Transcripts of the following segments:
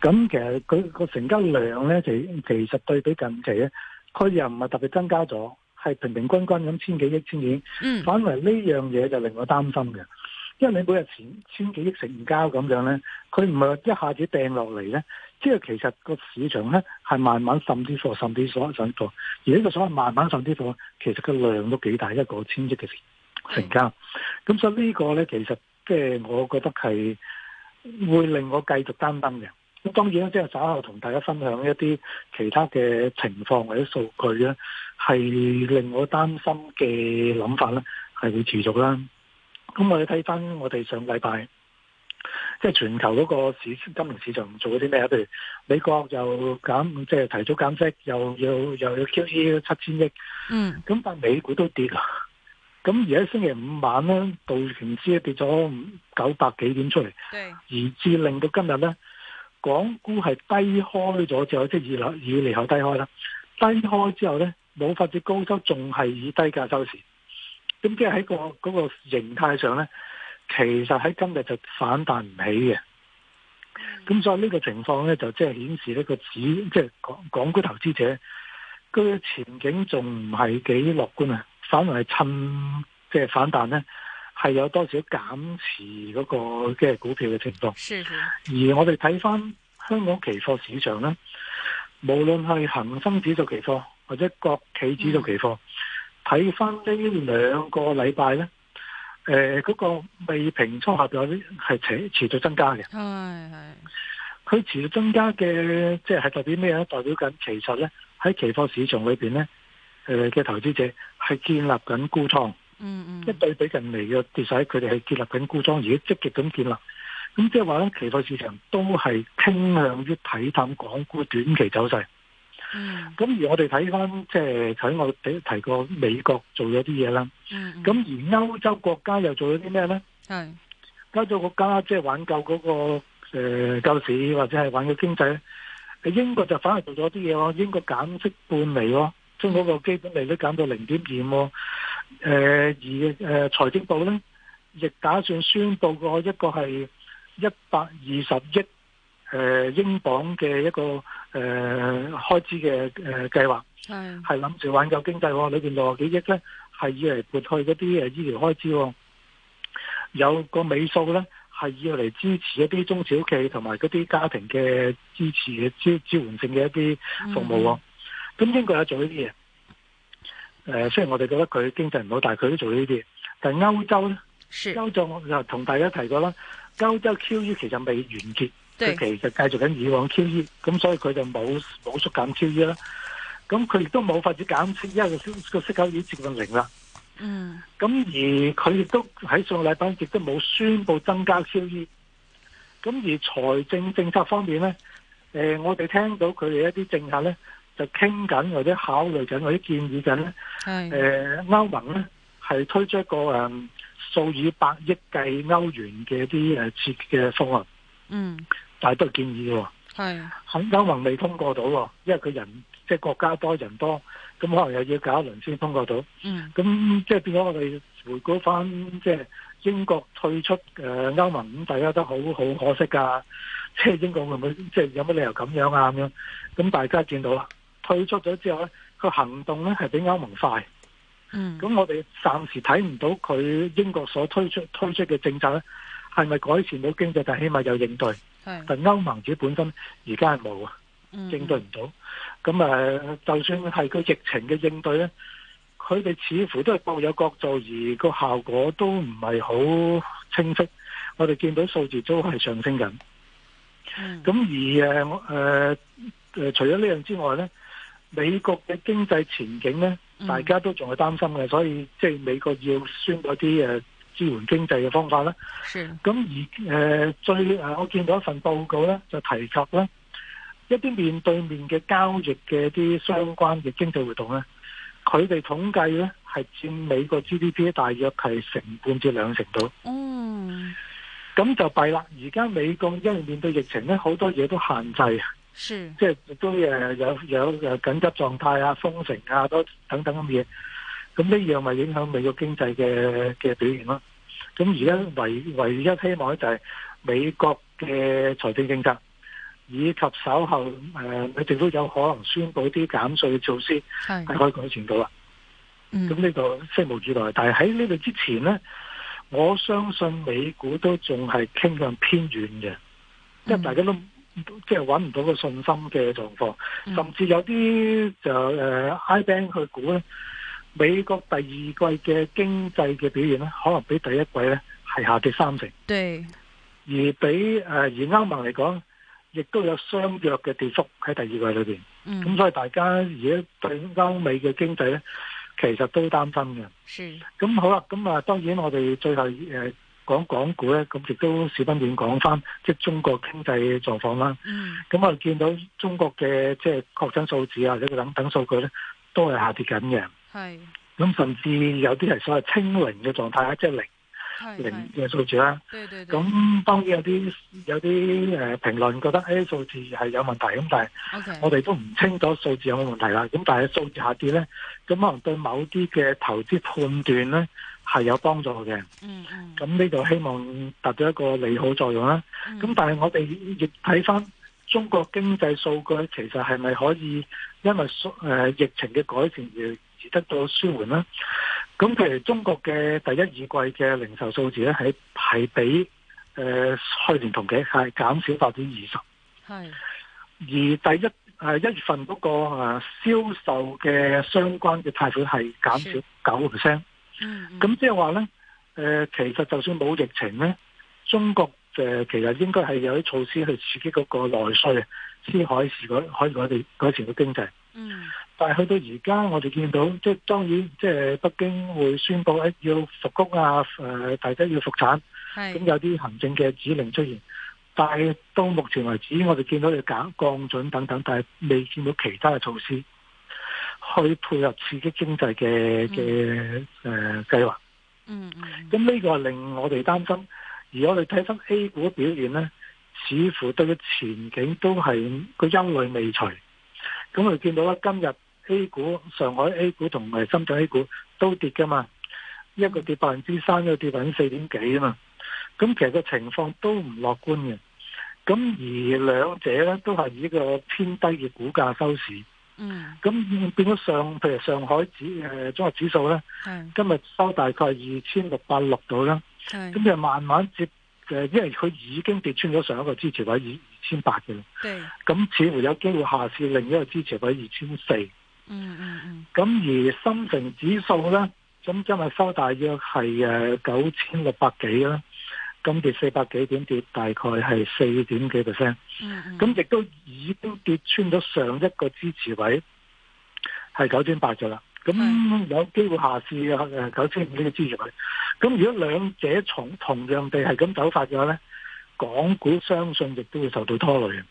咁其實佢個成交量咧，其其實對比近期咧，佢又唔係特別增加咗，係平平均均咁千幾億、千幾億、嗯，反而呢樣嘢就令我擔心嘅，因為你每日千千,千幾億成交咁樣咧，佢唔係話一下子掟落嚟咧，即係其實個市場咧係慢慢滲啲貨、滲啲所謂上貨，而呢個所謂慢慢滲啲貨，其實個量都幾大一個千億嘅成、嗯、成交，咁所以呢個咧其實即係我覺得係會令我繼續擔心嘅。咁當然咧，即係稍後同大家分享一啲其他嘅情況或者數據咧，係令我擔心嘅諗法咧，係會持續啦。咁我哋睇翻我哋上禮拜，即係全球嗰個市金融市場做咗啲咩啊？譬如美國又減，即係提早減息，又要又要 QE 七千億。嗯。咁但係美股都跌啦。咁而家星期五晚咧，道瓊斯跌咗九百幾點出嚟。對。而至令到今日咧。港股係低開咗之後，即係以利以離喉低開啦，低開之後咧冇法至高收，仲係以低價收市。咁即係喺個嗰個形態上咧，其實喺今日就反彈唔起嘅。咁所以呢個情況咧，就即係顯示呢個指，即係港港股投資者佢嘅前景仲唔係幾樂觀啊，反而係趁即係反彈咧。係有多少減持嗰個嘅股票嘅情況？是是。而我哋睇翻香港期貨市場呢，無論係恒生指數期貨或者國企指數期貨，睇翻呢兩個禮拜呢，誒、呃，嗰、那個未平倉合邊係持持續增加嘅。係係。佢持續增加嘅，即係代表咩咧？代表緊其實呢喺期貨市場裏邊呢誒嘅、呃、投資者係建立緊沽倉。嗯嗯，即 對比人嚟嘅，跌勢，佢哋係建立緊沽倉，而家積極咁建立，咁即係話咧，期貨市場都係傾向於睇淡港股短期走勢。嗯，咁 而我哋睇翻，即係喺我哋提，提過美國做咗啲嘢啦。嗯，咁 而歐洲國家又做咗啲咩咧？係歐洲國家即係挽救嗰個誒救、呃、市或者係挽救經濟咧？英國就反而做咗啲嘢咯，英國減息半厘咯，將嗰個基本利率減到零點二誒而誒，財政部咧亦打算宣布過一個係一百二十億誒英鎊嘅一個誒、呃、開支嘅誒計劃，係係諗住挽救經濟喎。裏邊六少幾億咧係以嚟撥去嗰啲誒醫療開支喎，有個尾數咧係以嚟支持一啲中小企同埋嗰啲家庭嘅支持嘅支援性嘅一啲服務喎。咁英國有做呢啲嘢。誒，雖然我哋覺得佢經濟唔好，但係佢都做咗呢啲。但係歐洲咧，歐洲我就同大家提過啦，歐洲 QE 其實未完結，其實繼續緊以往 QE，咁所以佢就冇冇縮減 QE 啦。咁佢亦都冇法子減息，因為佢個息口已接近零啦。嗯。咁而佢亦都喺上個禮拜亦都冇宣布增加 QE。咁而財政政策方面咧，誒、呃，我哋聽到佢哋一啲政策咧。就傾緊或者考慮緊或者建議緊咧，誒、呃、歐盟咧係推出一個誒、嗯、數以百億計歐元嘅啲誒設嘅方案，嗯，但係都係建議嘅喎，係歐盟未通過到喎，因為佢人即係國家多人多，咁可能又要搞一輪先通過到，嗯，咁即係變咗我哋回顧翻即係英國退出誒、呃、歐盟咁大家都好好可惜㗎、啊，即係英國會唔會即係有乜理由咁樣啊咁樣？咁大家見到啦。退出咗之後咧，個行動咧係比歐盟快。嗯，咁我哋暫時睇唔到佢英國所推出推出嘅政策咧，係咪改善到經濟？但起碼有應對。係，但歐盟自己本身而家係冇啊，應對唔到。咁、嗯、誒，就算係個疫情嘅應對咧，佢哋似乎都係各有各做，而個效果都唔係好清晰。我哋見到數字都係上升緊。咁、嗯、而誒誒誒，除咗呢樣之外咧，美國嘅經濟前景呢，大家都仲係擔心嘅、嗯，所以即係、就是、美國要宣佈啲誒支援經濟嘅方法啦。是。咁而誒、呃、最誒，我見到一份報告呢，就提及呢一啲面對面嘅交易嘅啲相關嘅經濟活動呢，佢哋統計呢係佔美國 GDP 大約係成半至兩成度。嗯，咁就弊啦！而家美國因為面對疫情呢，好多嘢都限制。是，即係都誒有有誒緊急狀態啊、封城啊，都等等咁嘢。咁呢樣咪影響美國經濟嘅嘅表現咯。咁而家唯唯一希望咧就係美國嘅財政政策，以及稍後誒，政、呃、府有可能宣布啲減稅嘅措施係可以改善到啦。嗯，咁呢個拭目以待。但係喺呢度之前咧，我相信美股都仲係傾向偏軟嘅、嗯，因為大家都。即係搵唔到個信心嘅狀況，甚至有啲就誒、呃、，I Bank 去估咧，美國第二季嘅經濟嘅表現咧，可能比第一季咧係下跌三成。對，而比誒、呃、而歐盟嚟講，亦都有相約嘅跌幅喺第二季裏邊。咁、嗯、所以大家而家對歐美嘅經濟咧，其實都擔心嘅。是。咁好啦，咁啊，當然我哋最後誒。呃講港股咧，咁亦都少不免講翻即係中國經濟嘅狀況啦。咁我哋見到中國嘅即係確診數字啊，或者等等數據咧，都係下跌緊嘅。係咁，甚至有啲係所謂清零嘅狀態啊，即係零零嘅數字啦。對對對。咁當然有啲有啲誒評論覺得誒數字係有問題，咁但係我哋都唔清楚數字有冇問題啦。咁但係數字下跌咧，咁可能對某啲嘅投資判斷咧。係有幫助嘅，咁呢度希望達到一個利好作用啦。咁、嗯、但係我哋亦睇返中國經濟數據，其實係咪可以因為誒疫情嘅改善而而得到舒緩啦？咁譬如中國嘅第一、二季嘅零售數字咧，係係比誒去年同期係減少百分之二十，係而第一誒一月份嗰個誒銷售嘅相關嘅貸款係減少九個 percent。咁即係話咧，誒，其實就算冇疫情咧，中國誒其實應該係有啲措施去刺激嗰個內需，先可以市改可以改善個經濟。嗯，但係去到而家，我哋見到即係當然，即係北京會宣佈要復工啊，誒，大家要復產，咁有啲行政嘅指令出現。但係到目前為止，我哋見到你減降準等等，但係未見到其他嘅措施。去配合刺激經濟嘅嘅誒計劃，嗯，咁呢、呃嗯嗯、個係令我哋擔心。而我哋睇翻 A 股表現咧，似乎對嘅前景都係個憂慮未除。咁我哋見到啦，今日 A 股、上海 A 股同埋深圳 A 股都跌嘅嘛，一個跌百分之三，一個跌百分之四點幾啊嘛。咁其實個情況都唔樂觀嘅。咁而兩者咧都係以一個偏低嘅股價收市。嗯，咁變咗上，譬如上海指、誒綜合指數咧，今日收大概二千六百六度啦，咁就慢慢接，誒、呃，因為佢已經跌穿咗上一個支持位二二千八嘅，咁似乎有機會下試另一個支持位二千四，嗯嗯嗯，咁而深成指數咧，咁今日收大約係誒九千六百幾啦。今期四百幾點跌，大概係四點幾 percent。咁亦、mm-hmm. 都已經跌穿咗上一個支持位，係九千八咗啦。咁、mm-hmm. 有機會下試嘅九千五呢個支持位。咁如果兩者從同樣地係咁走法嘅話咧，港股相信亦都會受到拖累嘅。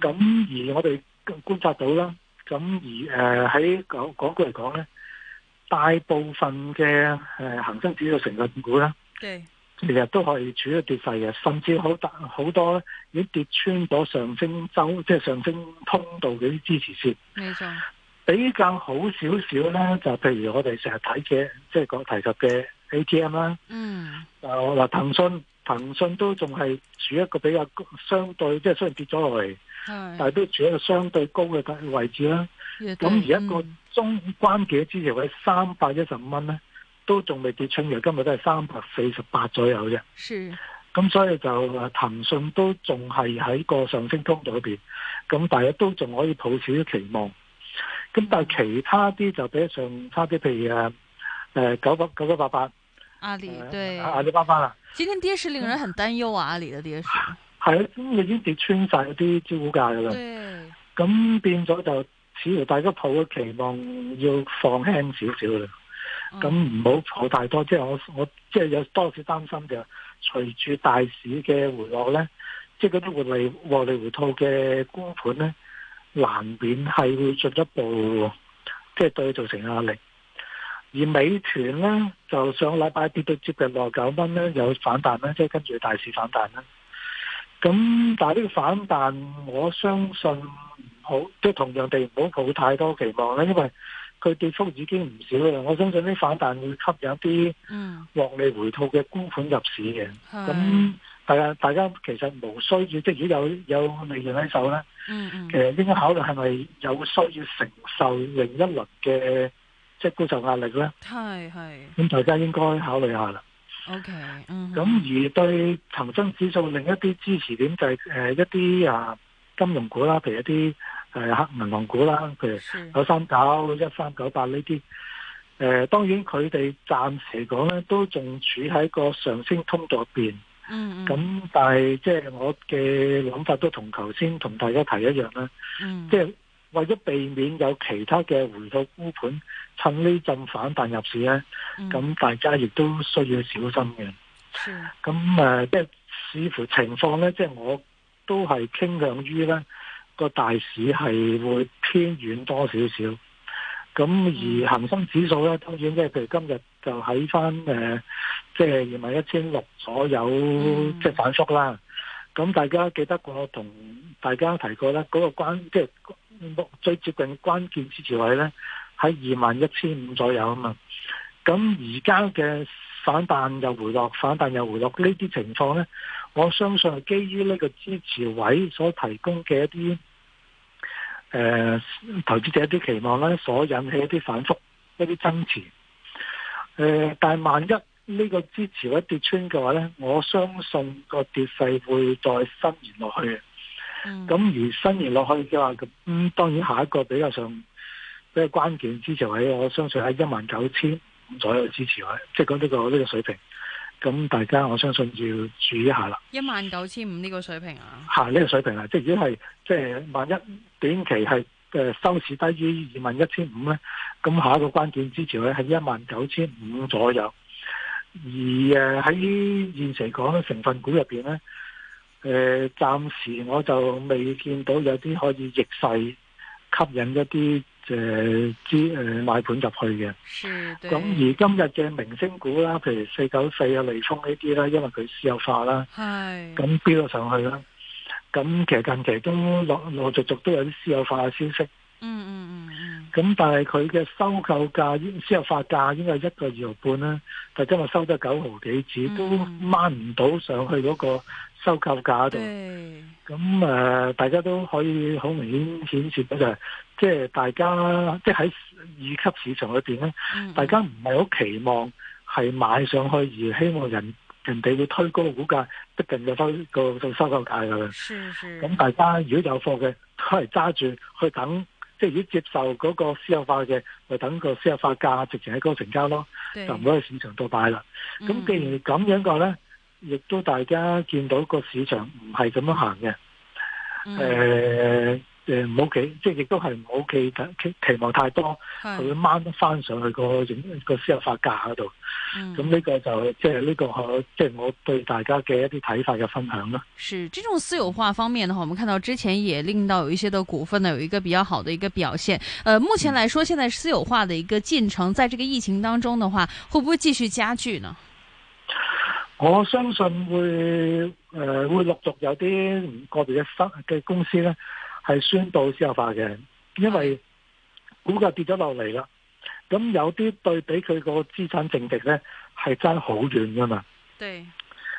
咁、mm-hmm. 而我哋觀察到啦，咁而誒喺港股嚟講咧，大部分嘅誒恆生指數成分股啦。Okay. 其實都可以處於跌勢嘅，甚至好大好多已經跌穿咗上升周，即係上升通道嘅啲支持線。冇錯。比較好少少咧，就譬如我哋成日睇嘅，即係講提及嘅 ATM 啦。嗯。嗱、啊，騰訊騰，騰訊都仲係處一個比較高相對，即係雖然跌咗落嚟，但係都處一個相對高嘅位置啦。咁、嗯、而一個中關嘅支持位三百一十五蚊咧。都仲未跌穿嘅，今日都係三百四十八左右啫。是，咁所以就騰訊都仲係喺個上升通道入邊，咁但係都仲可以抱少少期望。咁、嗯、但係其他啲就比上差啲，譬如誒誒、呃、九百九九八八，阿里對、呃、阿里巴巴啊。今天跌勢令人很擔憂啊！嗯、阿里的跌勢係啊，咁已經跌穿晒嗰啲招股價噶啦。咁變咗就，似乎大家抱嘅期望要放輕少少啦。咁唔好抱太多，即係我我即係有多少擔心，就隨住大市嘅回落咧，即係嗰啲獲利獲利回吐嘅沽盤咧，難免係會進一步即係對佢造成壓力。而美團咧就上個禮拜跌到接近六十九蚊咧，有反彈啦，即係跟住大市反彈啦。咁但係呢個反彈，我相信唔好，即係同樣地唔好抱太多期望啦，因為。佢跌幅已經唔少啦，我相信啲反彈會吸引啲獲利回吐嘅沽盤入市嘅。咁大家大家其實無需要，即如果有有利潤喺手咧，誒、嗯嗯、其實應該考慮係咪有需要承受另一輪嘅即係沽售壓力咧？係係。咁大家應該考慮下啦。OK，咁、嗯、而對恒生指數另一啲支持點就係、是、誒、呃、一啲啊金融股啦，譬如一啲。係、就是、黑銀行股啦，譬如九三九、一三九八呢啲，誒當然佢哋暫時講咧都仲處喺個上升通道入邊，嗯，嗯，咁但係即係我嘅諗法都同頭先同大家提一樣啦，即、嗯、係、就是、為咗避免有其他嘅回吐沽盤趁呢陣反彈入市咧，咁、嗯、大家亦都需要小心嘅，咁誒即係視乎情況咧，即、就、係、是、我都係傾向於咧。個大市係會偏軟多少少，咁而恒生指數咧，當然即係譬如今日就喺翻誒，即係二萬一千六左右，即、嗯、係、就是、反覆啦。咁大家記得我同大家提過咧，嗰、那個即係、就是、最接近關鍵支持位咧，喺二萬一千五左右啊嘛。咁而家嘅反彈又回落，反彈又回落，呢啲情況咧。我相信係基於呢個支持位所提供嘅一啲、呃、投資者一啲期望咧，所引起一啲反覆、一啲增持。呃、但係萬一呢個支持位跌穿嘅話咧，我相信個跌勢會再伸延落去的。咁而伸延落去嘅話，咁、嗯、當然下一個比較上比較關鍵支持位，我相信喺一萬九千五左右支持位，即係講呢個呢、呢個水平。咁大家我相信要注意一下啦，一萬九千五呢個水平啊，吓、啊、呢、這個水平啊，即係如果係即係萬一短期係誒、呃、收市低於二萬一千五咧，咁、嗯、下一個關鍵支持位係一萬九千五左右，而誒喺、呃、現時講成分股入邊咧，誒、呃、暫時我就未見到有啲可以逆勢吸引一啲。誒、嗯，啲誒買盤入去嘅，咁而今日嘅明星股啦，譬如四九四啊、利豐呢啲啦，因為佢私有化啦，咁飆咗上去啦。咁其實近期都陸陸續續都有啲私有化嘅消息。嗯嗯嗯，咁但係佢嘅收購價、私有化價應該係一個二毫半啦，但今日收得九毫幾紙，都掹唔到上去嗰個收購價度，咁誒、呃，大家都可以好明顯顯示到就係、是，即、就、係、是、大家即係喺二級市場裏邊咧，大家唔係好期望係買上去而希望人人哋會推高股價，逼近個收個個收購價噶啦。咁大家如果有貨嘅，都係揸住去等，即係如果接受嗰個私有化嘅，咪等個私有化價直接喺嗰度成交咯，就唔可以市場多買啦。咁既然咁樣講咧。嗯嗯亦都大家見到個市場唔係咁樣行嘅，誒唔好企，即係亦都係唔好企期望太多，佢掹翻上去、那個、那個私有化價嗰度。咁、嗯、呢個就即係呢個即係、就是、我對大家嘅一啲睇法嘅分享咯。是這種私有化方面嘅話，我們看到之前也令到有一些的股份呢有一個比較好的一個表現。呃，目前來說，現在私有化嘅一個進程，在這個疫情當中嘅話，會不會繼續加劇呢？我相信會誒、呃、會陸續有啲個別嘅新嘅公司咧，係宣布私有化嘅，因為股價跌咗落嚟啦。咁有啲對比佢個資產淨值咧，係爭好遠噶嘛。對。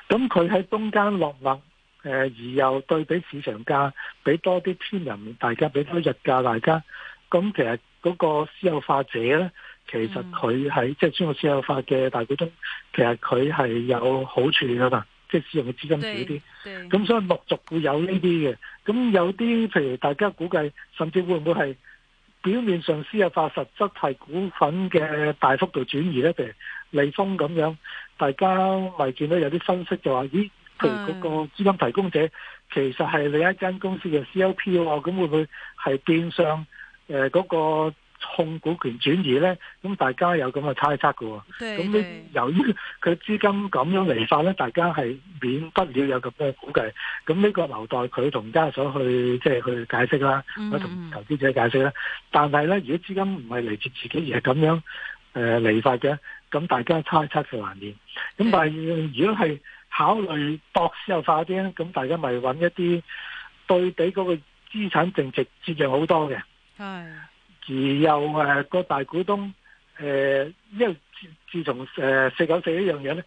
咁佢喺中間落墨，誒、呃、而又對比市場價，俾多啲天人大家，俾多啲日價大家。咁其實嗰個私有化者咧。其實佢係即係通過私有化嘅大股東，其實佢係有好處㗎嘛，即係使用嘅資金少啲。咁所以陸續會有呢啲嘅。咁有啲譬如大家估計，甚至會唔會係表面上私有化，實質係股份嘅大幅度轉移咧？譬如利豐咁樣，大家咪見到有啲分析就話：咦，譬如嗰個資金提供者其實係另一間公司嘅 CLP 喎，咁會唔會係變相誒嗰個？控股權轉移呢，咁大家有咁嘅猜測嘅。咁由於佢資金咁樣嚟法呢，大家係免不了有咁嘅估計。咁、這、呢個留待佢同家屬去即係、嗯、去解釋啦，同投資者解釋啦。但係呢，如果資金唔係嚟自自己而係咁樣誒嚟法嘅，咁、呃、大家猜測就難免。咁但係如果係考慮博私有化啲咧，咁大家咪揾一啲對比嗰個資產淨值接近好多嘅。係。而又誒、那個大股東誒、呃，因為自自從誒四九四呢樣嘢咧，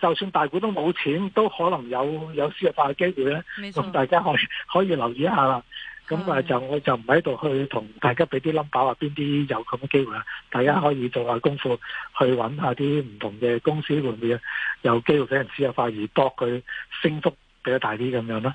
就算大股東冇錢，都可能有有私有化嘅機會咧。咁大家可以可以留意一下啦。咁啊就我就唔喺度去同大家俾啲冧 u m 話邊啲有咁嘅機會啦。大家可以做下功夫去揾下啲唔同嘅公司會唔會有機會俾人私有化而搏佢升幅比較大啲咁樣啦。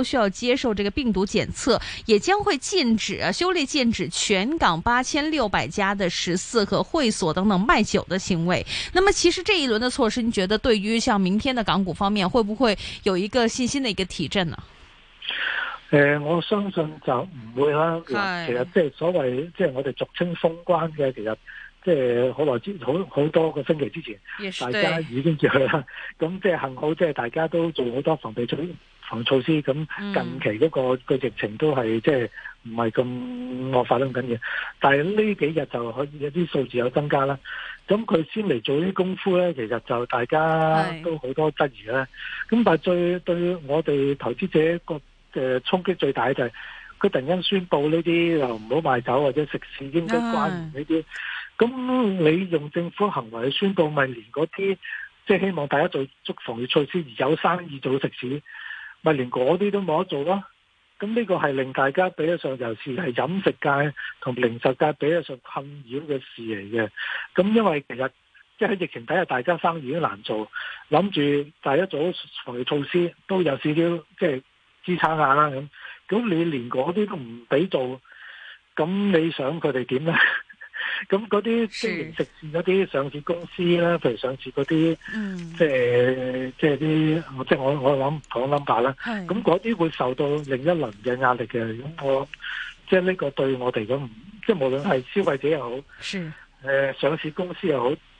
需要接受這個病毒檢測，也將會禁止、修例禁止全港八千六百家的食肆和會所等等賣酒的行為。那麼，其實這一輪的措施，你覺得對於像明天的港股方面，會不會有一個信心的一個提振呢？誒、呃，我相信就唔會啦、啊。其實，即係所謂，即、就、係、是、我哋俗稱封關嘅，其實即係好耐之好，好多個星期之前，yes, 大家已經去了那就啦。咁即係幸好，即係大家都做好多防疫措同措施，咁近期嗰個個疫情都係即係唔係咁惡化緊緊嘅，但係呢幾日就可以有啲數字有增加啦。咁佢先嚟做啲功夫咧，其實就大家都好多質疑啦。咁但係最對我哋投資者個嘅衝擊最大就係佢突然間宣布呢啲又唔好賣走或者食肆應該關呢啲。咁你用政府行為去宣布，咪連嗰啲即係希望大家做足防疫措施而有生意做食肆，咪連嗰啲都冇得做咯，咁呢個係令大家比得上，尤其是係飲食界同零售界比得上困擾嘅事嚟嘅。咁因為其實即係喺疫情底下，大家生意已經難做，諗住大家做防疫措施都有少少即係支撐下啦。咁咁你連嗰啲都唔俾做，咁你想佢哋點咧？咁嗰啲經營直線嗰啲上市公司咧，譬如上市嗰啲，即係即係啲，即係我我諗講 number 啦。咁嗰啲會受到另一輪嘅壓力嘅。咁我即係呢個對我哋咁，即係無論係消費者又好，嗯呃，上市公司又好。